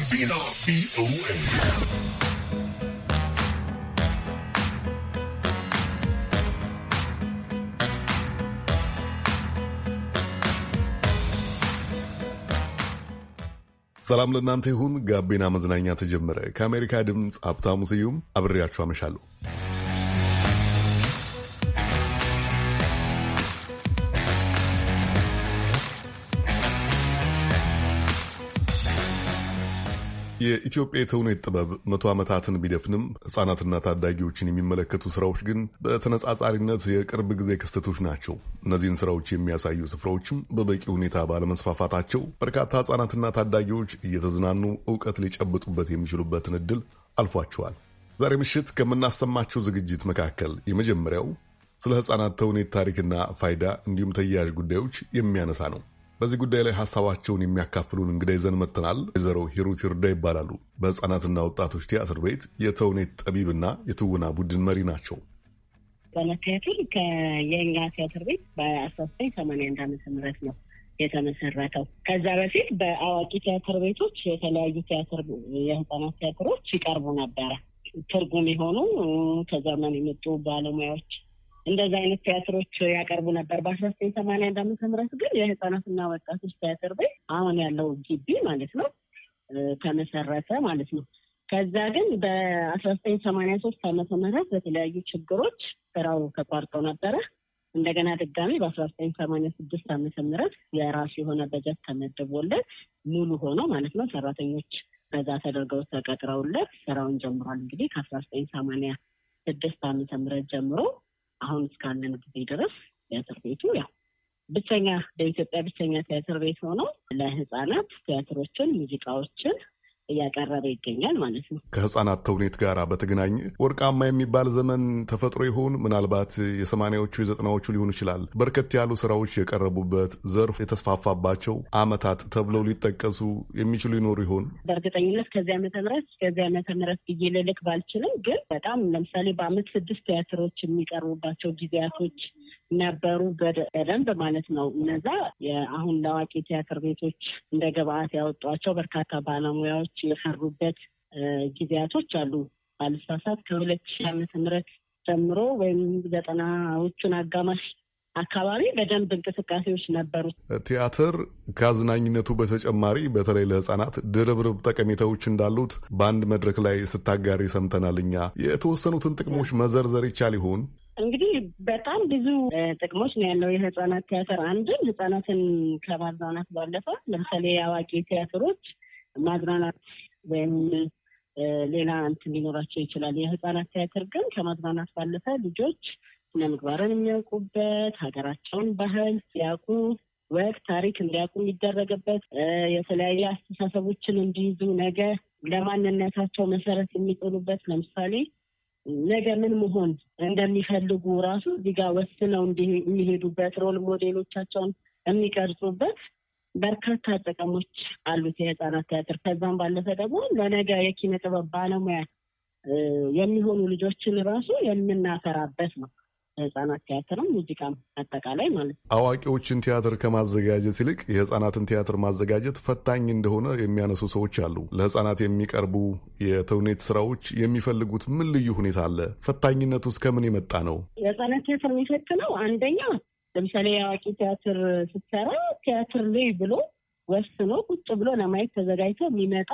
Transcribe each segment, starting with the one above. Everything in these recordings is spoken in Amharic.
ጋቢና ቪኦኤ ሰላም ለእናንተ ይሁን። ጋቢና መዝናኛ ተጀመረ። ከአሜሪካ ድምፅ ሀብታሙ ስዩም አብሬያችሁ አመሻለሁ። የኢትዮጵያ የተውኔት ጥበብ መቶ ዓመታትን ቢደፍንም ሕጻናትና ታዳጊዎችን የሚመለከቱ ስራዎች ግን በተነጻጻሪነት የቅርብ ጊዜ ክስተቶች ናቸው። እነዚህን ስራዎች የሚያሳዩ ስፍራዎችም በበቂ ሁኔታ ባለመስፋፋታቸው በርካታ ሕጻናትና ታዳጊዎች እየተዝናኑ እውቀት ሊጨብጡበት የሚችሉበትን እድል አልፏቸዋል። ዛሬ ምሽት ከምናሰማቸው ዝግጅት መካከል የመጀመሪያው ስለ ሕጻናት ተውኔት ታሪክና ፋይዳ እንዲሁም ተያያዥ ጉዳዮች የሚያነሳ ነው። በዚህ ጉዳይ ላይ ሀሳባቸውን የሚያካፍሉን እንግዳ ይዘን መጥተናል። ወይዘሮ ሂሩት ይርዳ ይባላሉ። በሕፃናትና ወጣቶች ቲያትር ቤት የተውኔት ጠቢብና የትወና ቡድን መሪ ናቸው። በመካየቱን የእኛ ቲያትር ቤት በአስራ ዘጠኝ ሰማንያ አንድ ዓመተ ምህረት ነው የተመሰረተው። ከዛ በፊት በአዋቂ ቲያትር ቤቶች የተለያዩ ቲያትር የህፃናት ቲያትሮች ይቀርቡ ነበረ። ትርጉም የሆኑ ከዘመን የመጡ ባለሙያዎች እንደዚ አይነት ቲያትሮች ያቀርቡ ነበር። በአስራ ዘጠኝ ሰማንያ አንድ ዓመተ ምህረት ግን የህፃናትና ወጣቶች ቲያትር ቤት አሁን ያለው ግቢ ማለት ነው ተመሰረተ ማለት ነው። ከዛ ግን በአስራ ዘጠኝ ሰማንያ ሶስት ዓመተ ምህረት በተለያዩ ችግሮች ስራው ተቋርጦ ነበረ። እንደገና ድጋሚ በአስራ ዘጠኝ ሰማንያ ስድስት ዓመተ ምህረት የራሱ የሆነ በጀት ተመድቦለት ሙሉ ሆኖ ማለት ነው ሰራተኞች በዛ ተደርገው ተቀጥረውለት ስራውን ጀምሯል። እንግዲህ ከአስራ ዘጠኝ ሰማንያ ስድስት ዓመተ ምህረት ጀምሮ አሁን እስካለን ጊዜ ድረስ ቲያትር ቤቱ ያው ብቸኛ በኢትዮጵያ ብቸኛ ቲያትር ቤት ሆኖ ለህፃናት ቲያትሮችን፣ ሙዚቃዎችን እያቀረበ ይገኛል ማለት ነው። ከህጻናት ተውኔት ጋር በተገናኘ ወርቃማ የሚባል ዘመን ተፈጥሮ ይሆን? ምናልባት የሰማንያዎቹ የዘጠናዎቹ ሊሆን ይችላል። በርከት ያሉ ስራዎች የቀረቡበት ዘርፍ የተስፋፋባቸው አመታት ተብለው ሊጠቀሱ የሚችሉ ይኖሩ ይሆን? በእርግጠኝነት ከዚህ ዓመተ ምህረት ከዚህ ዓመተ ምህረት ብዬ ልልክ ባልችልም፣ ግን በጣም ለምሳሌ በአመት ስድስት ቲያትሮች የሚቀርቡባቸው ጊዜያቶች ነበሩ በደንብ ማለት ነው። እነዛ የአሁን ለአዋቂ ቲያትር ቤቶች እንደ ግብአት ያወጧቸው በርካታ ባለሙያዎች የሰሩበት ጊዜያቶች አሉ። ባልሳሳት ከሁለት ሺህ ዓመተ ምህረት ጀምሮ ወይም ዘጠናዎቹን አጋማሽ አካባቢ በደንብ እንቅስቃሴዎች ነበሩ። ቲያትር ከአዝናኝነቱ በተጨማሪ በተለይ ለህፃናት ድርብርብ ጠቀሜታዎች እንዳሉት በአንድ መድረክ ላይ ስታጋሪ ሰምተናል። እኛ የተወሰኑትን ጥቅሞች መዘርዘር ይቻል ይሆን? እንግዲህ በጣም ብዙ ጥቅሞች ነው ያለው የህጻናት ቲያትር። አንድም ህጻናትን ከማዝናናት ባለፈ ለምሳሌ የአዋቂ ቲያትሮች ማዝናናት ወይም ሌላ እንትን ሊኖራቸው ይችላል። የህጻናት ቲያትር ግን ከማዝናናት ባለፈ ልጆች ስነ ምግባርን የሚያውቁበት ሀገራቸውን ባህል ሲያውቁ ወቅት ታሪክ እንዲያውቁ የሚደረግበት የተለያዩ አስተሳሰቦችን እንዲይዙ ነገ ለማንነታቸው መሰረት የሚጥሉበት ለምሳሌ ነገ ምን መሆን እንደሚፈልጉ ራሱ እዚህ ጋር ወስነው የሚሄዱበት ሮል ሞዴሎቻቸውን የሚቀርጹበት በርካታ ጥቅሞች አሉት የህፃናት ቲያትር። ከዛም ባለፈ ደግሞ ለነገ የኪነ ጥበብ ባለሙያ የሚሆኑ ልጆችን ራሱ የምናፈራበት ነው። ህጻናት ቲያትርም ሙዚቃም አጠቃላይ ማለት ነው። አዋቂዎችን ቲያትር ከማዘጋጀት ይልቅ የህጻናትን ቲያትር ማዘጋጀት ፈታኝ እንደሆነ የሚያነሱ ሰዎች አሉ። ለህጻናት የሚቀርቡ የተውኔት ስራዎች የሚፈልጉት ምን ልዩ ሁኔታ አለ? ፈታኝነቱ ውስጥ ከምን የመጣ ነው? የህጻናት ቲያትር የሚፈትነው አንደኛ፣ ለምሳሌ የአዋቂ ቲያትር ስትሰራ ቲያትር ልይ ብሎ ወስኖ ቁጭ ብሎ ለማየት ተዘጋጅቶ የሚመጣ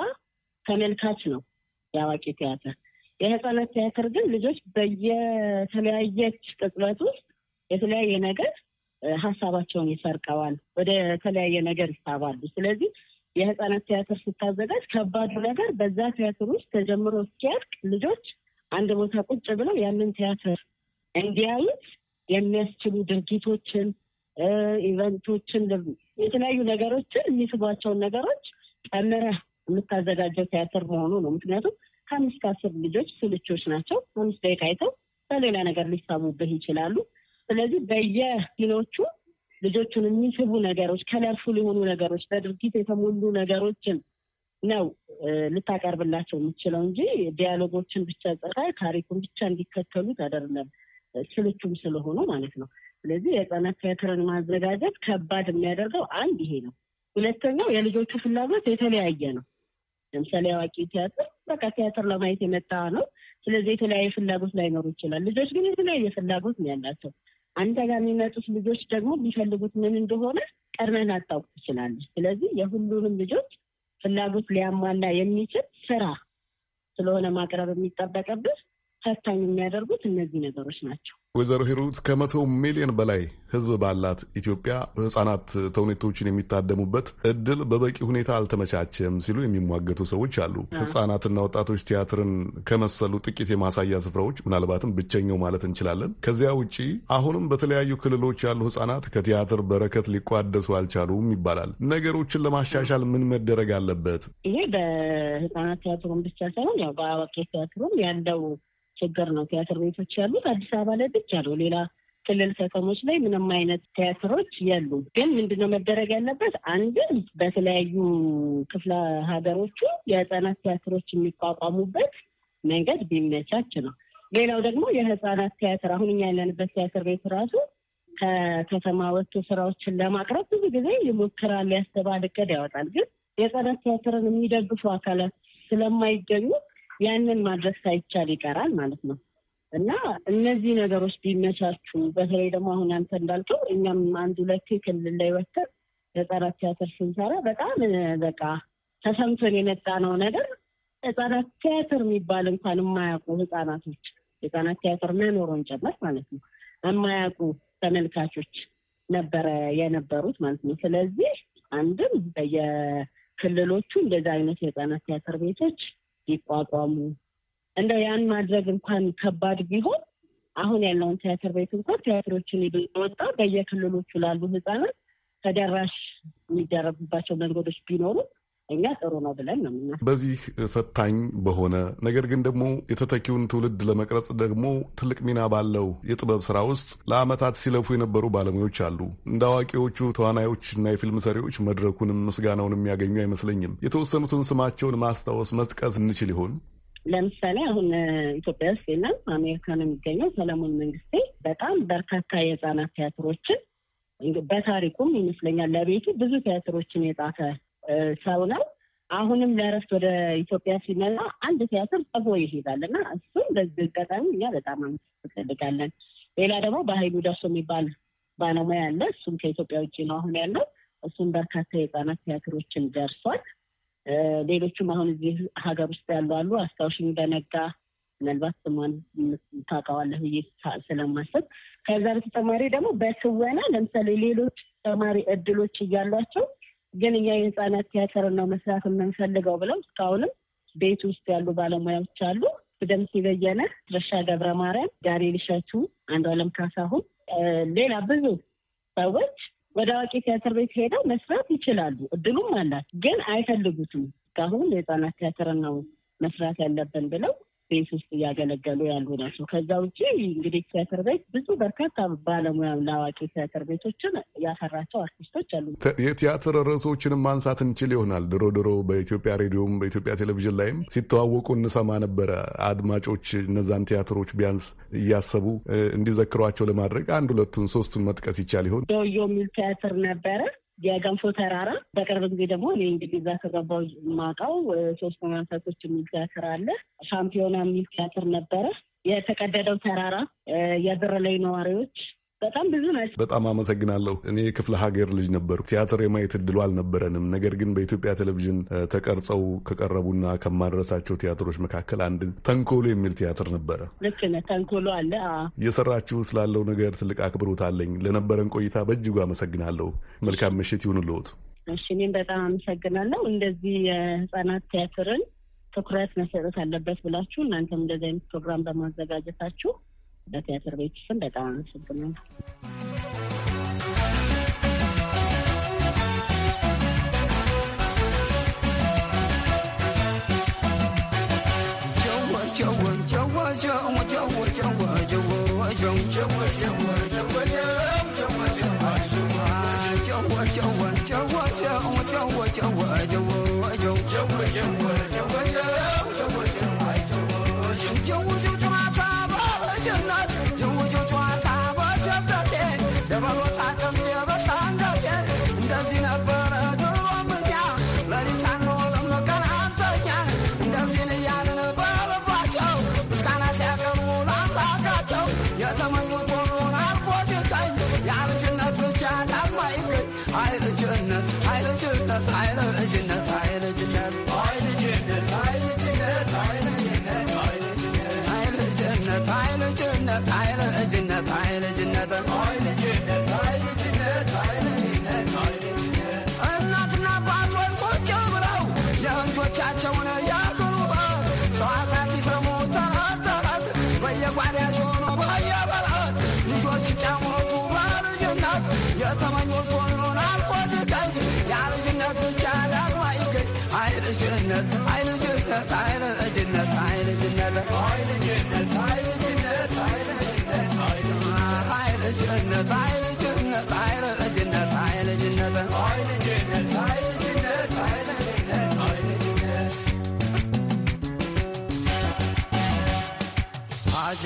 ተመልካች ነው የአዋቂ ቲያትር የህፃናት ቲያትር ግን ልጆች በየተለያየች ቅጽበት ውስጥ የተለያየ ነገር ሀሳባቸውን ይሰርቀዋል፣ ወደ ተለያየ ነገር ይሳባሉ። ስለዚህ የህፃናት ቲያትር ስታዘጋጅ ከባዱ ነገር በዛ ቲያትር ውስጥ ተጀምሮ እስኪያልቅ ልጆች አንድ ቦታ ቁጭ ብለው ያንን ቲያትር እንዲያዩት የሚያስችሉ ድርጊቶችን፣ ኢቨንቶችን፣ የተለያዩ ነገሮችን የሚስቧቸውን ነገሮች ጨምረህ የምታዘጋጀው ቲያትር መሆኑ ነው። ምክንያቱም ከአምስት ከአስር ልጆች ስልቾች ናቸው። አምስት ደቂቃ አይተው በሌላ ነገር ሊሳቡብህ ይችላሉ። ስለዚህ በየፊኖቹ ልጆቹን የሚስቡ ነገሮች፣ ከለርፉል የሆኑ ነገሮች፣ በድርጊት የተሞሉ ነገሮችን ነው ልታቀርብላቸው የምችለው እንጂ ዲያሎጎችን ብቻ ጸራይ ታሪኩን ብቻ እንዲከተሉት አይደለም። ስልቹም ስለሆኑ ማለት ነው። ስለዚህ የህጻናት ቲያትርን ማዘጋጀት ከባድ የሚያደርገው አንድ ይሄ ነው። ሁለተኛው የልጆቹ ፍላጎት የተለያየ ነው። ለምሳሌ አዋቂ ቲያትር በቃ ቲያትር ለማየት የመጣ ነው። ስለዚህ የተለያየ ፍላጎት ላይኖሩ ይችላል። ልጆች ግን የተለያየ ፍላጎት ነው ያላቸው። አንተ ጋር የሚመጡት ልጆች ደግሞ የሚፈልጉት ምን እንደሆነ ቀድመን አታውቅ ትችላለች። ስለዚህ የሁሉንም ልጆች ፍላጎት ሊያሟላ የሚችል ስራ ስለሆነ ማቅረብ የሚጠበቅብህ ፈታኝ የሚያደርጉት እነዚህ ነገሮች ናቸው። ወይዘሮ ሂሩት ከመቶ ሚሊዮን በላይ ህዝብ ባላት ኢትዮጵያ ህጻናት ተውኔቶችን የሚታደሙበት እድል በበቂ ሁኔታ አልተመቻቸም ሲሉ የሚሟገቱ ሰዎች አሉ። ህጻናትና ወጣቶች ቲያትርን ከመሰሉ ጥቂት የማሳያ ስፍራዎች ምናልባትም ብቸኛው ማለት እንችላለን። ከዚያ ውጪ አሁንም በተለያዩ ክልሎች ያሉ ህጻናት ከቲያትር በረከት ሊቋደሱ አልቻሉም ይባላል። ነገሮችን ለማሻሻል ምን መደረግ አለበት? ይሄ በህጻናት ቲያትሩን ብቻ ሳይሆን ያው በአዋቂ ቲያትሩም ያለው ችግር ነው ቲያትር ቤቶች ያሉት አዲስ አበባ ላይ ብቻ ነው። ሌላ ክልል ከተሞች ላይ ምንም አይነት ቲያትሮች የሉ። ግን ምንድነው መደረግ ያለበት? አንድ በተለያዩ ክፍለ ሀገሮቹ የህፃናት ቲያትሮች የሚቋቋሙበት መንገድ ቢመቻች ነው። ሌላው ደግሞ የህፃናት ቲያትር አሁን እኛ ያለንበት ቲያትር ቤት ራሱ ከከተማ ወጥቶ ስራዎችን ለማቅረብ ብዙ ጊዜ ይሞክራል፣ ያስተባል፣ እቅድ ያወጣል። ግን የህፃናት ቲያትርን የሚደግፉ አካላት ስለማይገኙ ያንን ማድረግ ሳይቻል ይቀራል ማለት ነው። እና እነዚህ ነገሮች ቢመቻቹ፣ በተለይ ደግሞ አሁን አንተ እንዳልከው እኛም አንድ ሁለቴ ክልል ላይ ወተር ህጻናት ቲያትር ስንሰራ በጣም በቃ ተሰምቶን የመጣ ነው ነገር ህጻናት ቲያትር የሚባል እንኳን የማያውቁ ህጻናቶች ህጻናት ቲያትር መኖሩን ጨመር ማለት ነው የማያውቁ ተመልካቾች ነበረ የነበሩት ማለት ነው። ስለዚህ አንድም በየክልሎቹ እንደዚ አይነት የህጻናት ቲያትር ቤቶች ይቋቋሙ። እንደው ያን ማድረግ እንኳን ከባድ ቢሆን አሁን ያለውን ቲያትር ቤት እንኳን ቲያትሮችን ወጣ በየክልሎቹ ላሉ ህጻናት ተደራሽ የሚደረጉባቸው መንገዶች ቢኖሩ እኛ ጥሩ ነው ብለን ነው ምና በዚህ ፈታኝ በሆነ ነገር ግን ደግሞ የተተኪውን ትውልድ ለመቅረጽ ደግሞ ትልቅ ሚና ባለው የጥበብ ስራ ውስጥ ለአመታት ሲለፉ የነበሩ ባለሙያዎች አሉ። እንደ አዋቂዎቹ ተዋናዮችና የፊልም ሰሪዎች መድረኩንም ምስጋናውን የሚያገኙ አይመስለኝም። የተወሰኑትን ስማቸውን ማስታወስ መጥቀስ እንችል ይሆን? ለምሳሌ አሁን ኢትዮጵያ ውስጥ የለም፣ አሜሪካ ነው የሚገኘው። ሰለሞን መንግስቴ በጣም በርካታ የህፃናት ቲያትሮችን በታሪኩም ይመስለኛል ለቤቱ ብዙ ቲያትሮችን የጻፈ ሰው ነው። አሁንም ለእረፍት ወደ ኢትዮጵያ ሲመጣ አንድ ቲያትር ጽፎ ይሄዳል እና እሱም በዚህ አጋጣሚ እኛ በጣም እንፈልጋለን። ሌላ ደግሞ በሀይሉ ደርሶ የሚባል ባለሙያ አለ። እሱም ከኢትዮጵያ ውጭ ነው አሁን ያለው። እሱም በርካታ የህፃናት ቲያትሮችን ደርሷል። ሌሎቹም አሁን እዚህ ሀገር ውስጥ ያሉ አሉ። አስታውሽኝ በነጋ ምናልባት ስሟን ታውቃዋለህ ብዬ ስለማስብ፣ ከዛ በተጨማሪ ደግሞ በትወና ለምሳሌ ሌሎች ተማሪ እድሎች እያሏቸው ግን እኛ የህፃናት ቲያትር ነው መስራት የምንፈልገው ብለው እስካሁንም ቤት ውስጥ ያሉ ባለሙያዎች አሉ። በደምስ በየነ፣ ረሻ ገብረ ማርያም፣ ዳንኤል ልሸቱ፣ አንዱ አለም ካሳሁን፣ ሌላ ብዙ ሰዎች ወደ አዋቂ ቲያትር ቤት ሄደው መስራት ይችላሉ። እድሉም አላት። ግን አይፈልጉትም። እስካሁን የህፃናት ቲያትር ነው መስራት ያለብን ብለው ቤት ውስጥ እያገለገሉ ያሉ ናቸው። ከዛ ውጭ እንግዲህ ቲያትር ቤት ብዙ በርካታ ባለሙያና አዋቂ ቲያትር ቤቶችን ያፈራቸው አርቲስቶች አሉ። የቲያትር ርዕሶችንም ማንሳት እንችል ይሆናል። ድሮ ድሮ በኢትዮጵያ ሬዲዮም በኢትዮጵያ ቴሌቪዥን ላይም ሲተዋወቁ እንሰማ ነበረ። አድማጮች እነዛን ቲያትሮች ቢያንስ እያሰቡ እንዲዘክሯቸው ለማድረግ አንድ ሁለቱን ሶስቱን መጥቀስ ይቻል ይሆን? ዶዮ የሚል ቲያትር ነበረ። የገንፎ ተራራ በቅርብ ጊዜ ደግሞ እኔ እንግዲህ እዛ ከገባሁ የማውቀው ሶስት መናሳቶች የሚል ቲያትር አለ። ሻምፒዮና የሚል ቲያትር ነበረ። የተቀደደው ተራራ፣ የብር ላይ ነዋሪዎች፣ በጣም ብዙ ናቸው። በጣም አመሰግናለሁ። እኔ የክፍለ ሀገር ልጅ ነበሩ ቲያትር የማየት እድሉ አልነበረንም። ነገር ግን በኢትዮጵያ ቴሌቪዥን ተቀርጸው ከቀረቡና ከማድረሳቸው ቲያትሮች መካከል አንድ ተንኮሎ የሚል ቲያትር ነበረ። ልክ ነህ። ተንኮሎ አለ። እየሰራችሁ ስላለው ነገር ትልቅ አክብሮት አለኝ። ለነበረን ቆይታ በእጅጉ አመሰግናለሁ። መልካም ምሽት ይሁንልዎት። እሺ፣ እኔም በጣም አመሰግናለሁ። እንደዚህ የህጻናት ቲያትርን ትኩረት መሰጠት አለበት ብላችሁ እናንተም እንደዚህ አይነት ፕሮግራም በማዘጋጀታችሁ ለቴአትር ቤት ስም በጣም አመሰግናለሁ።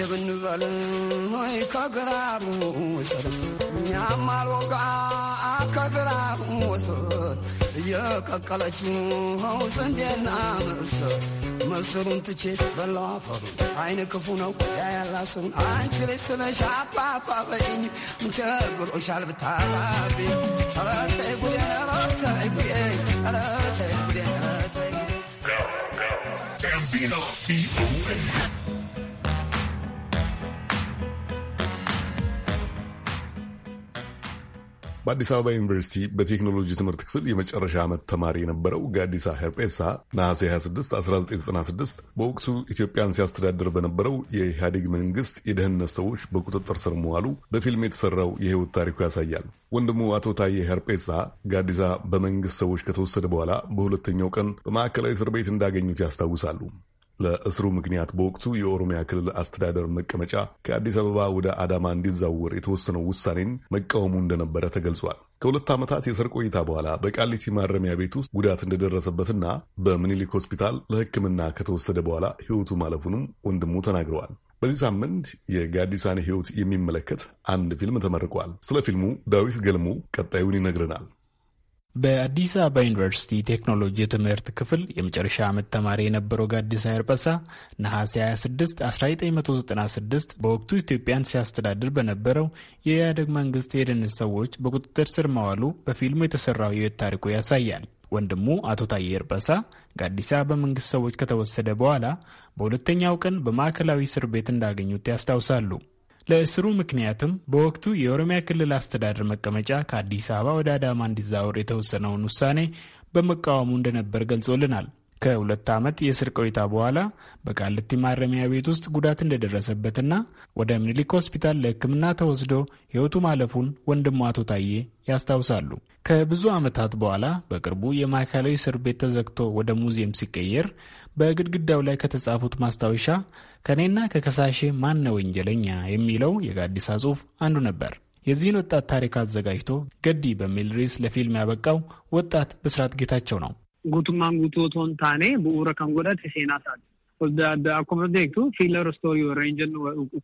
አጀብ እንበል ሆይ ከግራሩ ውሰድ እኛም አልወጋ ከግራሩ ውሰድ እየቀቀለችው ኸው ስንዴና ምስር ምስሩን ትቼ በላ አፈሩን አይን ክፉ ነው ያያላስሩን አንቺ ልጅ ስለሽ አባባ በይኝ ምን ቸግሮሻል ብታባቢኝ ኧረ ተይ ጉዴ ኧረ ተይ ጉዴ ኧረ ተይ ጉዴ ኧረ ተይ ጉዴ በአዲስ አበባ ዩኒቨርሲቲ በቴክኖሎጂ ትምህርት ክፍል የመጨረሻ ዓመት ተማሪ የነበረው ጋዲሳ ሄርጴሳ ነሐሴ 26 1996 በወቅቱ ኢትዮጵያን ሲያስተዳድር በነበረው የኢህአዴግ መንግስት የደህንነት ሰዎች በቁጥጥር ስር መዋሉ በፊልም የተሰራው የህይወት ታሪኩ ያሳያል። ወንድሙ አቶ ታዬ ሄርጴሳ ጋዲሳ በመንግስት ሰዎች ከተወሰደ በኋላ በሁለተኛው ቀን በማዕከላዊ እስር ቤት እንዳገኙት ያስታውሳሉ። ለእስሩ ምክንያት በወቅቱ የኦሮሚያ ክልል አስተዳደር መቀመጫ ከአዲስ አበባ ወደ አዳማ እንዲዛወር የተወሰነው ውሳኔን መቃወሙ እንደነበረ ተገልጿል። ከሁለት ዓመታት የእስር ቆይታ በኋላ በቃሊቲ ማረሚያ ቤት ውስጥ ጉዳት እንደደረሰበትና በምኒልክ ሆስፒታል ለሕክምና ከተወሰደ በኋላ ሕይወቱ ማለፉንም ወንድሙ ተናግረዋል። በዚህ ሳምንት የጋዲሳን ሕይወት የሚመለከት አንድ ፊልም ተመርቋል። ስለ ፊልሙ ዳዊት ገልሞ ቀጣዩን ይነግረናል። በአዲስ አበባ ዩኒቨርሲቲ ቴክኖሎጂ ትምህርት ክፍል የመጨረሻ ዓመት ተማሪ የነበረው ጋዲሳ ኤርበሳ ነሐሴ 26 1996 በወቅቱ ኢትዮጵያን ሲያስተዳድር በነበረው የኢህአደግ መንግስት የደህንነት ሰዎች በቁጥጥር ስር መዋሉ በፊልሙ የተሰራው የሕይወት ታሪኩ ያሳያል። ወንድሙ አቶ ታዬ ኤርበሳ ጋዲሳ በመንግስት ሰዎች ከተወሰደ በኋላ በሁለተኛው ቀን በማዕከላዊ እስር ቤት እንዳገኙት ያስታውሳሉ። ለእስሩ ምክንያትም በወቅቱ የኦሮሚያ ክልል አስተዳደር መቀመጫ ከአዲስ አበባ ወደ አዳማ እንዲዛወር የተወሰነውን ውሳኔ በመቃወሙ እንደነበር ገልጾልናል። ከሁለት ዓመት የእስር ቆይታ በኋላ በቃልቲ ማረሚያ ቤት ውስጥ ጉዳት እንደደረሰበትና ወደ ምኒልክ ሆስፒታል ለሕክምና ተወስዶ ሕይወቱ ማለፉን ወንድሙ አቶ ታዬ ያስታውሳሉ። ከብዙ ዓመታት በኋላ በቅርቡ የማዕከላዊ እስር ቤት ተዘግቶ ወደ ሙዚየም ሲቀየር በግድግዳው ላይ ከተጻፉት ማስታወሻ ከእኔና ከከሳሼ ማን ነው ወንጀለኛ የሚለው የጋዲሳ ጽሁፍ አንዱ ነበር። የዚህን ወጣት ታሪክ አዘጋጅቶ ገዲ በሚል ርዕስ ለፊልም ያበቃው ወጣት ብስራት ጌታቸው ነው። ጉቱማን ጉቶቶን ታኔ ብኡረ ከንጎዳት ሴናሳል The, the accomodate filler story range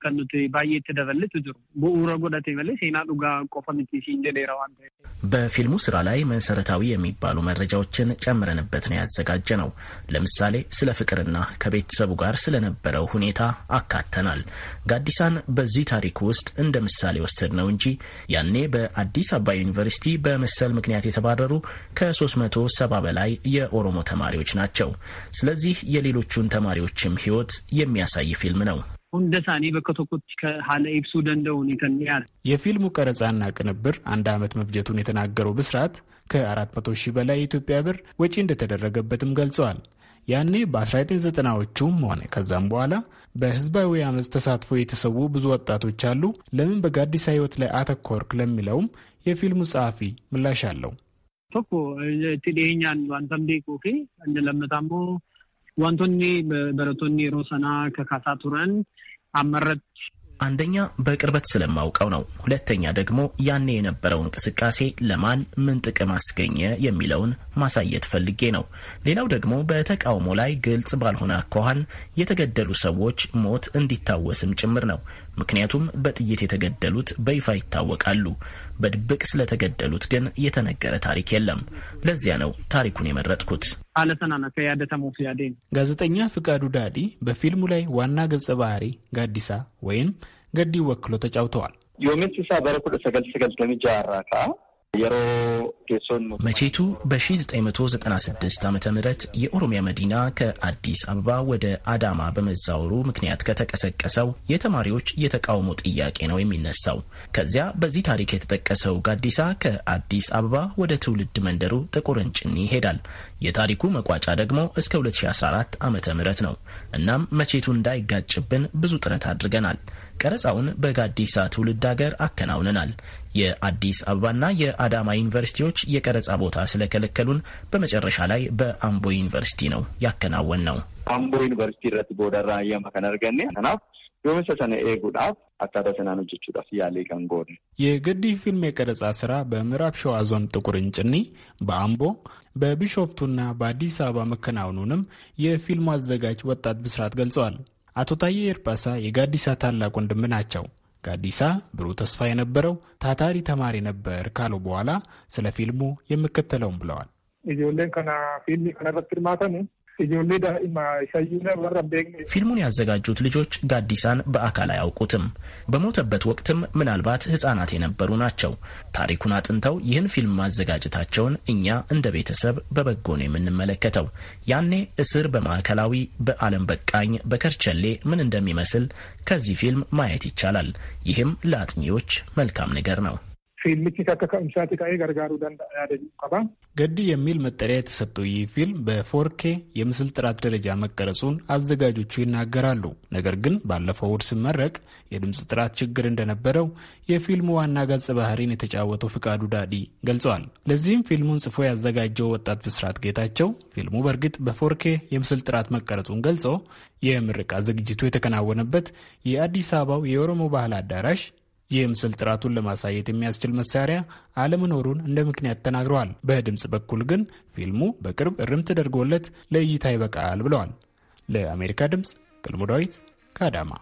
kan nuti baay'eetti daballe jiru bu'uura godhate malee seenaa dhugaa qofa miti siin jedheera waan ta'eef. በፊልሙ ስራ ላይ መሰረታዊ የሚባሉ መረጃዎችን ጨምረንበት ነው ያዘጋጀ ነው። ለምሳሌ ስለ ፍቅርና ከቤተሰቡ ጋር ስለነበረው ሁኔታ አካተናል። ጋዲሳን በዚህ ታሪክ ውስጥ እንደ ምሳሌ ወሰድ ነው እንጂ ያኔ በአዲስ አበባ ዩኒቨርሲቲ በመሰል ምክንያት የተባረሩ ከ370 በላይ የኦሮሞ ተማሪዎች ናቸው። ስለዚህ የሌሎቹን ተማሪዎች የሌሎችም ህይወት የሚያሳይ ፊልም ነው። ሁንደሳኔ በከቶኮች ከሀለ ኢብሱ ደንደውን ይተንያል የፊልሙ ቀረጻና ቅንብር አንድ ዓመት መፍጀቱን የተናገረው ብስራት ከ400 ሺህ በላይ የኢትዮጵያ ብር ወጪ እንደተደረገበትም ገልጸዋል። ያኔ በ1990ዎቹም ሆነ ከዛም በኋላ በህዝባዊ አመፅ ተሳትፎ የተሰዉ ብዙ ወጣቶች አሉ። ለምን በጋዲሳ ህይወት ላይ አተኮርክ ለሚለውም የፊልሙ ጸሐፊ ምላሽ አለው። ቶኮ ቲዴኛን ዋንተምዴ ቆፌ እንደለመታሞ ዋንቶኒ በረቶኒ ሮሰና ከካሳ ቱረን አመረት አንደኛ በቅርበት ስለማውቀው ነው። ሁለተኛ ደግሞ ያኔ የነበረው እንቅስቃሴ ለማን ምን ጥቅም አስገኘ የሚለውን ማሳየት ፈልጌ ነው። ሌላው ደግሞ በተቃውሞ ላይ ግልጽ ባልሆነ አኳኋን የተገደሉ ሰዎች ሞት እንዲታወስም ጭምር ነው። ምክንያቱም በጥይት የተገደሉት በይፋ ይታወቃሉ። በድብቅ ስለተገደሉት ግን የተነገረ ታሪክ የለም። ለዚያ ነው ታሪኩን የመረጥኩት። ጋዜጠኛ ፍቃዱ ዳዲ በፊልሙ ላይ ዋና ገጸ ባህሪ ጋዲሳ ወይም ገዲ ወክሎ ተጫውተዋል። የሜንሲሳ በረኩ ሰገል ሰገል ደሚጃ አራካ መቼቱ በ1996 ዓ ም የኦሮሚያ መዲና ከአዲስ አበባ ወደ አዳማ በመዛወሩ ምክንያት ከተቀሰቀሰው የተማሪዎች የተቃውሞ ጥያቄ ነው የሚነሳው። ከዚያ በዚህ ታሪክ የተጠቀሰው ጋዲሳ ከአዲስ አበባ ወደ ትውልድ መንደሩ ጥቁር እንጭኒ ይሄዳል። የታሪኩ መቋጫ ደግሞ እስከ 2014 ዓ ም ነው። እናም መቼቱ እንዳይጋጭብን ብዙ ጥረት አድርገናል። ቀረጻውን በጋዲሳ ትውልድ ሀገር አከናውነናል። የአዲስ አበባና የአዳማ ዩኒቨርሲቲዎች የቀረጻ ቦታ ስለከለከሉን በመጨረሻ ላይ በአምቦ ዩኒቨርሲቲ ነው ያከናወን ነው። አምቦ ዩኒቨርሲቲ ረት ቦደራ የመከን ናፍ የመሰሰነ ዮመሰሰነ ኤጉዳፍ አካታ ሰናኑ ጀቹዳፍ ያሌ ከንጎድ የግዲ ፊልም የቀረጻ ስራ በምዕራብ ሸዋ ዞን ጥቁር እንጭኒ፣ በአምቦ በቢሾፍቱና በአዲስ አበባ መከናወኑንም የፊልሙ አዘጋጅ ወጣት ብስራት ገልጸዋል። አቶ ታዬ ኤርጳሳ የጋዲሳ ታላቅ ወንድም ናቸው። ጋዲሳ ብሩህ ተስፋ የነበረው ታታሪ ተማሪ ነበር ካሉ በኋላ ስለ ፊልሙ የሚከተለውም ብለዋል። ijoollee daa'ima ishayyuuna warra beekne ፊልሙን ያዘጋጁት ልጆች ጋዲሳን በአካል አያውቁትም። በሞተበት ወቅትም ምናልባት ሕጻናት የነበሩ ናቸው። ታሪኩን አጥንተው ይህን ፊልም ማዘጋጀታቸውን እኛ እንደ ቤተሰብ በበጎ ነው የምንመለከተው። ያኔ እስር በማዕከላዊ በአለም በቃኝ በከርቸሌ ምን እንደሚመስል ከዚህ ፊልም ማየት ይቻላል። ይህም ለአጥኚዎች መልካም ነገር ነው። ፊልምችስ akka ka'umsaatti ta'ee gargaaruu danda'a yaadachuu qaba። ገድ የሚል መጠሪያ የተሰጠው ይህ ፊልም በፎርኬ የምስል ጥራት ደረጃ መቀረጹን አዘጋጆቹ ይናገራሉ። ነገር ግን ባለፈው እሁድ ሲመረቅ የድምፅ ጥራት ችግር እንደነበረው የፊልሙ ዋና ገጽ ባህሪን የተጫወተው ፍቃዱ ዳዲ ገልጸዋል። ለዚህም ፊልሙን ጽፎ ያዘጋጀው ወጣት ብስራት ጌታቸው ፊልሙ በእርግጥ በፎርኬ የምስል ጥራት መቀረጹን ገልጾ የምርቃ ዝግጅቱ የተከናወነበት የአዲስ አበባው የኦሮሞ ባህል አዳራሽ ይህ ምስል ጥራቱን ለማሳየት የሚያስችል መሳሪያ አለመኖሩን እንደ ምክንያት ተናግረዋል። በድምፅ በኩል ግን ፊልሙ በቅርብ እርም ተደርጎለት ለእይታ ይበቃል ብለዋል። ለአሜሪካ ድምፅ ገልሞ ዳዊት ከአዳማ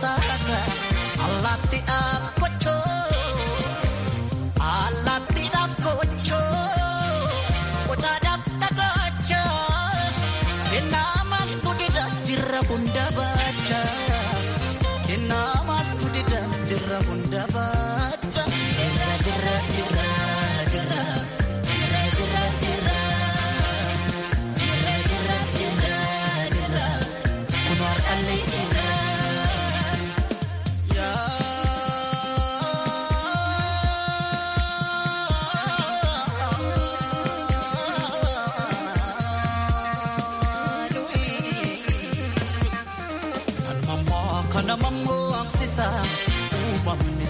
sorry.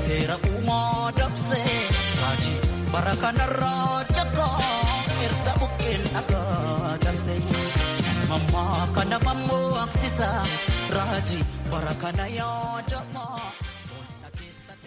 era uumaa dabsee raajii bara kanarraa jakaa erga bukkeen dhagaa cabsee mammaa kana mammoo aksisa raajii bara kana yaada.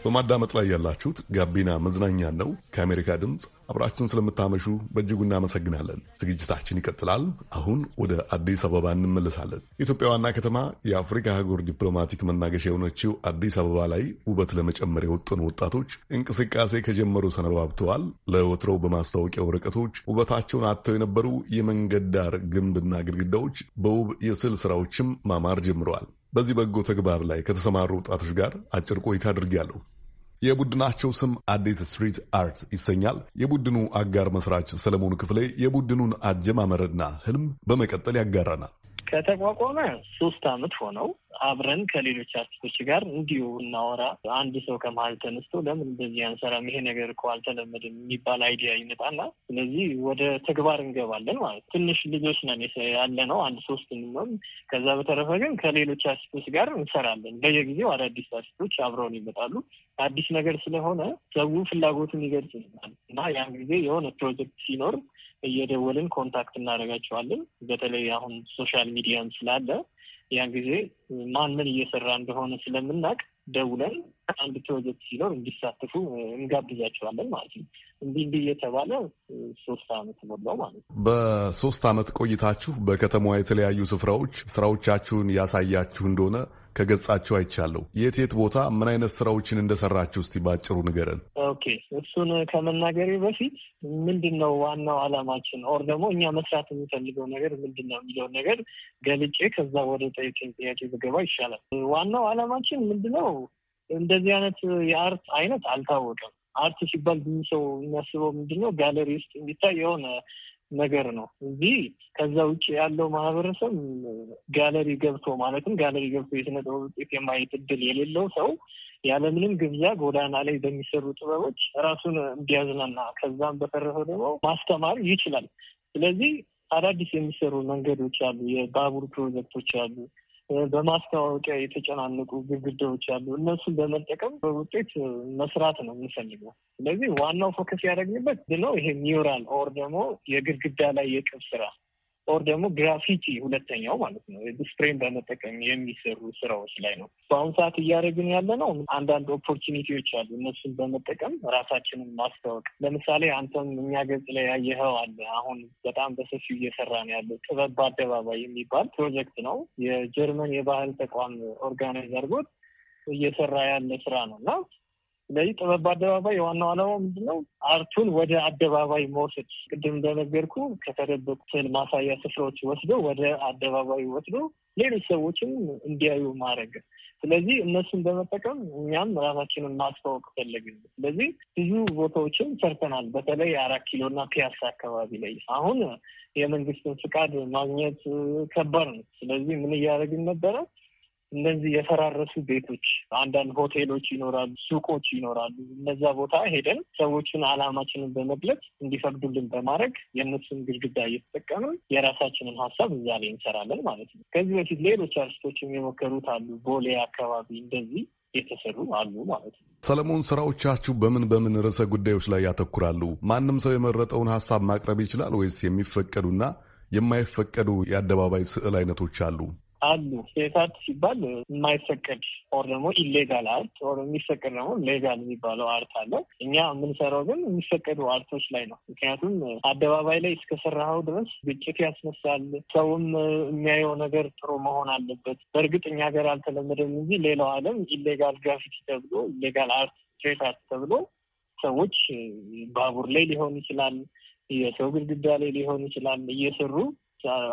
በማዳመጥ ላይ ያላችሁት ጋቢና መዝናኛ ነው ከአሜሪካ ድምፅ። አብራችሁን ስለምታመሹ በእጅጉ እናመሰግናለን። ዝግጅታችን ይቀጥላል። አሁን ወደ አዲስ አበባ እንመለሳለን። የኢትዮጵያ ዋና ከተማ የአፍሪካ አህጉር ዲፕሎማቲክ መናገሻ የሆነችው አዲስ አበባ ላይ ውበት ለመጨመር የወጠኑ ወጣቶች እንቅስቃሴ ከጀመሩ ሰነባብተዋል። ለወትሮው በማስታወቂያ ወረቀቶች ውበታቸውን አጥተው የነበሩ የመንገድ ዳር ግንብና ግድግዳዎች በውብ የስዕል ስራዎችም ማማር ጀምረዋል። በዚህ በጎ ተግባር ላይ ከተሰማሩ ወጣቶች ጋር አጭር ቆይታ አድርጌያለሁ። የቡድናቸው ስም አዲስ ስትሪት አርት ይሰኛል። የቡድኑ አጋር መስራች ሰለሞኑ ክፍሌ የቡድኑን አጀማመርና ህልም በመቀጠል ያጋራናል። ከተቋቋመ ሶስት አመት ሆነው አብረን ከሌሎች አርቲስቶች ጋር እንዲሁ እናወራ። አንድ ሰው ከመሀል ተነስቶ ለምን እንደዚህ አንሰራም ይሄ ነገር እኮ አልተለመደም የሚባል አይዲያ ይመጣና ስለዚህ ወደ ተግባር እንገባለን ማለት ትንሽ ልጆች ነን ያለ ነው አንድ ሶስት ንም ከዛ በተረፈ ግን ከሌሎች አርቲስቶች ጋር እንሰራለን። በየጊዜው አዳዲስ አርቲስቶች አብረውን ይመጣሉ። አዲስ ነገር ስለሆነ ሰው ፍላጎቱን ይገልጽልናል እና ያን ጊዜ የሆነ ፕሮጀክት ሲኖር እየደወልን ኮንታክት እናደርጋቸዋለን። በተለይ አሁን ሶሻል ሚዲያም ስላለ ያን ጊዜ ማን እየሰራ እንደሆነ ስለምናቅ ደውለን አንድ ፕሮጀክት ሲኖር እንዲሳተፉ እንጋብዛቸዋለን ማለት ነው። እንዲህ እንዲህ እየተባለ ሶስት አመት ሞላው ማለት ነው። በሶስት አመት ቆይታችሁ በከተማዋ የተለያዩ ስፍራዎች ስራዎቻችሁን ያሳያችሁ እንደሆነ ከገጻችሁ አይቻለሁ። የት የት ቦታ ምን አይነት ስራዎችን እንደሰራችሁ እስቲ ባጭሩ ንገረን። ኦኬ፣ እሱን ከመናገሬ በፊት ምንድን ነው ዋናው አላማችን ኦር ደግሞ እኛ መስራት የሚፈልገው ነገር ምንድን ነው የሚለውን ነገር ገልጬ ከዛ ወደ ጠየቀኝ ጥያቄ ብገባ ይሻላል። ዋናው አላማችን ምንድን ነው? እንደዚህ አይነት የአርት አይነት አልታወቀም። አርት ሲባል ብዙ ሰው የሚያስበው ምንድን ነው? ጋለሪ ውስጥ የሚታይ የሆነ ነገር ነው እንጂ ከዛ ውጭ ያለው ማህበረሰብ ጋለሪ ገብቶ ማለትም ጋለሪ ገብቶ የስነ ውጤት የማየት እድል የሌለው ሰው ያለምንም ግብዣ ጎዳና ላይ በሚሰሩ ጥበቦች ራሱን እንዲያዝናና ከዛም በተረፈ ደግሞ ማስተማር ይችላል። ስለዚህ አዳዲስ የሚሰሩ መንገዶች አሉ፣ የባቡር ፕሮጀክቶች አሉ፣ በማስተዋወቂያ የተጨናነቁ ግድግዳዎች አሉ። እነሱን በመጠቀም በውጤት መስራት ነው የምንፈልገው። ስለዚህ ዋናው ፎከስ ያደረግንበት ነው ይሄ ኒውራል ኦር ደግሞ የግድግዳ ላይ የቅብ ስራ ኦር ደግሞ ግራፊቲ ሁለተኛው ማለት ነው። ስፕሬን በመጠቀም የሚሰሩ ስራዎች ላይ ነው በአሁኑ ሰዓት እያደረግን ያለ ነው። አንዳንድ ኦፖርቹኒቲዎች አሉ። እነሱን በመጠቀም ራሳችንን ማስታወቅ። ለምሳሌ አንተም እኛ ገጽ ላይ ያየኸው አለ። አሁን በጣም በሰፊው እየሰራ ነው ያለው ጥበብ በአደባባይ የሚባል ፕሮጀክት ነው። የጀርመን የባህል ተቋም ኦርጋናይዝ አድርጎት እየሰራ ያለ ስራ ነው እና ስለዚህ ጥበብ በአደባባይ የዋናው ዓላማው ምንድነው? አርቱን ወደ አደባባይ መውሰድ። ቅድም እንደነገርኩ ከተደበቁትን ማሳያ ስፍራዎች ወስዶ ወደ አደባባይ ወስዶ ሌሎች ሰዎችም እንዲያዩ ማድረግ። ስለዚህ እነሱን በመጠቀም እኛም ራሳችንን ማስተዋወቅ ፈለግን። ስለዚህ ብዙ ቦታዎችን ሰርተናል። በተለይ አራት ኪሎ እና ፒያሳ አካባቢ ላይ አሁን የመንግስትን ፍቃድ ማግኘት ከባድ ነው። ስለዚህ ምን እያደረግን ነበረ? እነዚህ የፈራረሱ ቤቶች፣ አንዳንድ ሆቴሎች ይኖራሉ፣ ሱቆች ይኖራሉ። እነዛ ቦታ ሄደን ሰዎችን አላማችንን በመግለጽ እንዲፈቅዱልን በማድረግ የእነሱን ግድግዳ እየተጠቀምን የራሳችንን ሀሳብ እዛ ላይ እንሰራለን ማለት ነው። ከዚህ በፊት ሌሎች አርቲስቶችም የሞከሩት አሉ። ቦሌ አካባቢ እንደዚህ የተሰሩ አሉ ማለት ነው። ሰለሞን፣ ስራዎቻችሁ በምን በምን ርዕሰ ጉዳዮች ላይ ያተኩራሉ? ማንም ሰው የመረጠውን ሀሳብ ማቅረብ ይችላል ወይስ የሚፈቀዱና የማይፈቀዱ የአደባባይ ስዕል አይነቶች አሉ? አሉ። የእሳት ሲባል የማይፈቀድ ኦር ደግሞ ኢሌጋል አርት ኦር የሚፈቀድ ደግሞ ሌጋል የሚባለው አርት አለ። እኛ የምንሰራው ግን የሚፈቀዱ አርቶች ላይ ነው። ምክንያቱም አደባባይ ላይ እስከሰራኸው ድረስ ግጭት ያስነሳል። ሰውም የሚያየው ነገር ጥሩ መሆን አለበት። በእርግጥ እኛ ሀገር አልተለመደም እንጂ ሌላው ዓለም ኢሌጋል ግራፊቲ ተብሎ ኢሌጋል አርት ስትሬት አርት ተብሎ ሰዎች ባቡር ላይ ሊሆን ይችላል፣ የሰው ግድግዳ ላይ ሊሆን ይችላል እየሰሩ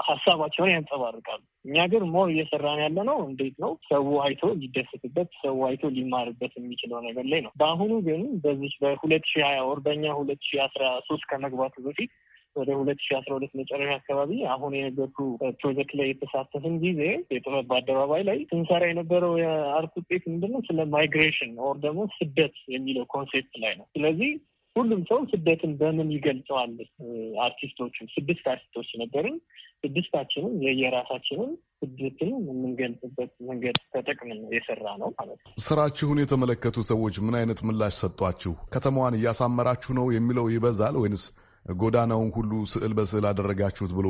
ሀሳባቸውን ያንጸባርቃሉ። እኛ ግን ሞር እየሰራን ያለ ነው እንዴት ነው ሰው አይቶ ሊደሰትበት ሰው አይቶ ሊማርበት የሚችለው ነገር ላይ ነው። በአሁኑ ግን በዚህ በሁለት ሺ ሀያ ወር በእኛ ሁለት ሺ አስራ ሶስት ከመግባቱ በፊት ወደ ሁለት ሺ አስራ ሁለት መጨረሻ አካባቢ አሁን የነገርኩ ፕሮጀክት ላይ የተሳተፍን ጊዜ የጥበብ በአደባባይ ላይ ስንሰራ የነበረው የአርት ውጤት ምንድነው ስለ ማይግሬሽን ኦር ደግሞ ስደት የሚለው ኮንሴፕት ላይ ነው። ስለዚህ ሁሉም ሰው ስደትን በምን ይገልጸዋል? አርቲስቶች ስድስት አርቲስቶች ነበርን። ስድስታችንም የየራሳችንን ስደትን የምንገልጽበት መንገድ ተጠቅምን የሰራ ነው ማለት ነው። ስራችሁን የተመለከቱ ሰዎች ምን አይነት ምላሽ ሰጧችሁ? ከተማዋን እያሳመራችሁ ነው የሚለው ይበዛል ወይንስ ጎዳናውን ሁሉ ስዕል በስዕል አደረጋችሁት ብሎ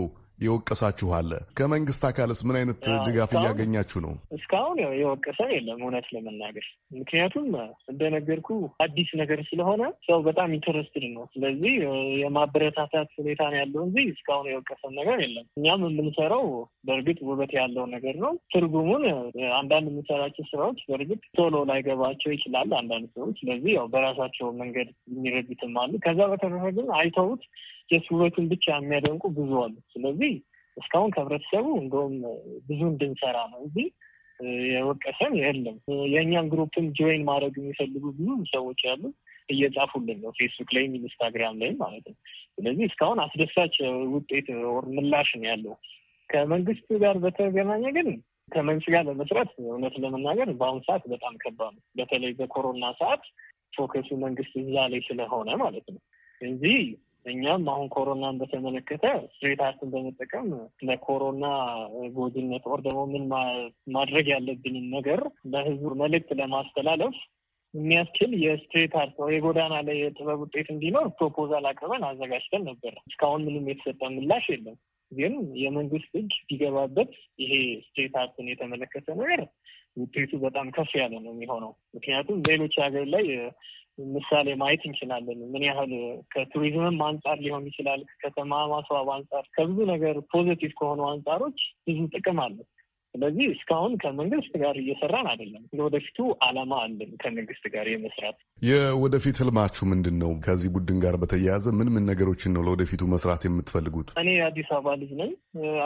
ይወቀሳችኋል? ከመንግስት አካልስ ምን አይነት ድጋፍ እያገኛችሁ ነው? እስካሁን ያው የወቀሰን የለም እውነት ለመናገር ምክንያቱም እንደነገርኩ አዲስ ነገር ስለሆነ ሰው በጣም ኢንተረስትድ ነው። ስለዚህ የማበረታታት ሁኔታ ነው ያለው እንጂ እስካሁን የወቀሰን ነገር የለም። እኛም የምንሰራው በእርግጥ ውበት ያለው ነገር ነው። ትርጉሙን አንዳንድ የምንሰራቸው ስራዎች በእርግጥ ቶሎ ላይገባቸው ይችላል አንዳንድ ሰዎች። ስለዚህ ያው በራሳቸው መንገድ የሚረዱትም አሉ። ከዛ በተረፈ ግን አይተውት ኬስ ውበቱን ብቻ የሚያደንቁ ብዙ አሉ። ስለዚህ እስካሁን ከህብረተሰቡ እንደውም ብዙ እንድንሰራ ነው እንጂ የወቀሰን የለም። የእኛን ግሩፕን ጆይን ማድረግ የሚፈልጉ ብዙ ሰዎች ያሉ እየጻፉልን ነው፣ ፌስቡክ ላይም ኢንስታግራም ላይም ማለት ነው። ስለዚህ እስካሁን አስደሳች ውጤት ወር ምላሽ ነው ያለው። ከመንግስት ጋር በተገናኘ ግን ከመንግስት ጋር ለመስራት እውነት ለመናገር በአሁኑ ሰዓት በጣም ከባድ ነው። በተለይ በኮሮና ሰዓት ፎከሱ መንግስት እዛ ላይ ስለሆነ ማለት ነው እንጂ እኛም አሁን ኮሮናን በተመለከተ አርትን በመጠቀም ለኮሮና ጎድነት ወር ደግሞ ምን ማድረግ ያለብንን ነገር ለህዝቡ መልእክት ለማስተላለፍ የሚያስችል የስትሬት አርት የጎዳና ላይ የጥበብ ውጤት እንዲኖር ፕሮፖዛል አቅርበን አዘጋጅተን ነበር። እስካሁን ምንም የተሰጠ ምላሽ የለም። ግን የመንግስት እጅ ቢገባበት ይሄ ስትሬት አርትን የተመለከተ ነገር ውጤቱ በጣም ከፍ ያለ ነው የሚሆነው። ምክንያቱም ሌሎች ሀገር ላይ ምሳሌ ማየት እንችላለን። ምን ያህል ከቱሪዝምም አንጻር ሊሆን ይችላል፣ ከተማ ማስዋብ አንጻር፣ ከብዙ ነገር ፖዘቲቭ ከሆኑ አንጻሮች ብዙ ጥቅም አለው። ስለዚህ እስካሁን ከመንግስት ጋር እየሰራን አይደለም። ለወደፊቱ አላማ አለን ከመንግስት ጋር የመስራት። የወደፊት ህልማችሁ ምንድን ነው? ከዚህ ቡድን ጋር በተያያዘ ምን ምን ነገሮችን ነው ለወደፊቱ መስራት የምትፈልጉት? እኔ የአዲስ አበባ ልጅ ነኝ።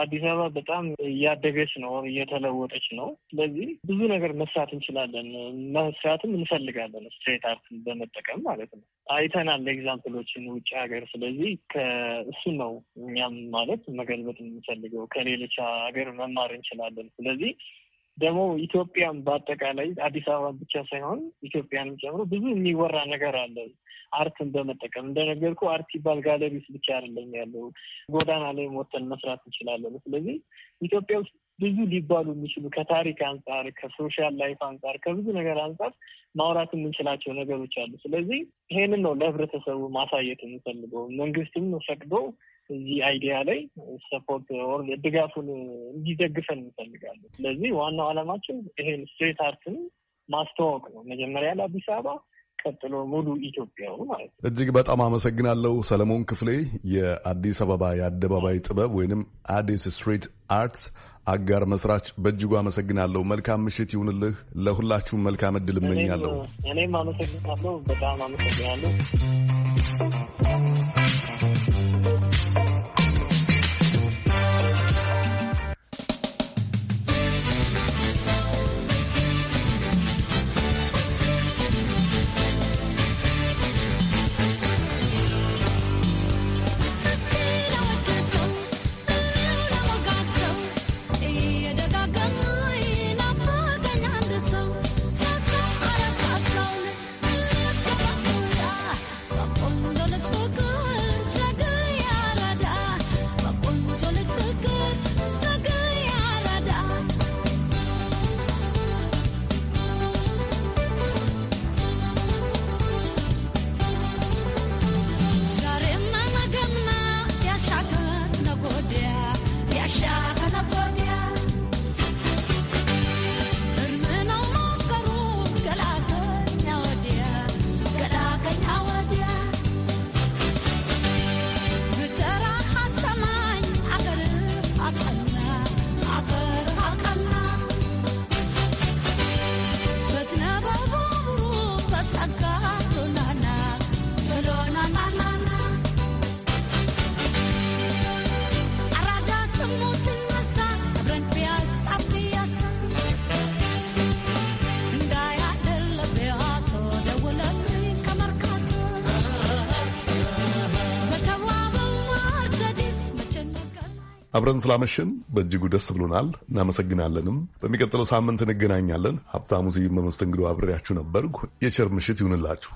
አዲስ አበባ በጣም እያደገች ነው፣ እየተለወጠች ነው። ስለዚህ ብዙ ነገር መስራት እንችላለን፣ መስራትም እንፈልጋለን። ስትሬት አርት በመጠቀም ማለት ነው። አይተናል ኤግዛምፕሎችን ውጭ ሀገር። ስለዚህ ከእሱ ነው እኛም ማለት መገልበጥ የምንፈልገው። ከሌሎች ሀገር መማር እንችላለን ስለዚህ ደግሞ ኢትዮጵያን በአጠቃላይ አዲስ አበባ ብቻ ሳይሆን ኢትዮጵያንም ጨምሮ ብዙ የሚወራ ነገር አለ። አርትን በመጠቀም እንደነገርኩ አርት ይባል ጋለሪስ ብቻ አይደለም ያለው፣ ጎዳና ላይ ወጥተን መስራት እንችላለን። ስለዚህ ኢትዮጵያ ውስጥ ልዩ ሊባሉ የሚችሉ ከታሪክ አንጻር፣ ከሶሻል ላይፍ አንጻር፣ ከብዙ ነገር አንጻር ማውራት የምንችላቸው ነገሮች አሉ። ስለዚህ ይሄንን ነው ለህብረተሰቡ ማሳየት የምንፈልገው። መንግስትም ፈቅዶ እዚህ አይዲያ ላይ ሰፖርት ኦር ድጋፉን እንዲደግፈን እንፈልጋለን። ስለዚህ ዋናው ዓላማችን ይሄን ስትሬት አርትን ማስተዋወቅ ነው። መጀመሪያ ለአዲስ አበባ ቀጥሎ ሙሉ ኢትዮጵያው ማለት ነው። እጅግ በጣም አመሰግናለሁ። ሰለሞን ክፍሌ የአዲስ አበባ የአደባባይ ጥበብ ወይንም አዲስ ስትሪት አርት አጋር መስራች በእጅጉ አመሰግናለሁ። መልካም ምሽት ይሁንልህ። ለሁላችሁም መልካም እድል እመኛለሁ። እኔም አመሰግናለሁ። በጣም አመሰግናለሁ። አብረን ስላመሸን በእጅጉ ደስ ብሎናል። እናመሰግናለንም። በሚቀጥለው ሳምንት እንገናኛለን። ሀብታሙ ስዩም በመስተንግዶ አብሬያችሁ ነበርኩ። የቸር ምሽት ይሁንላችሁ።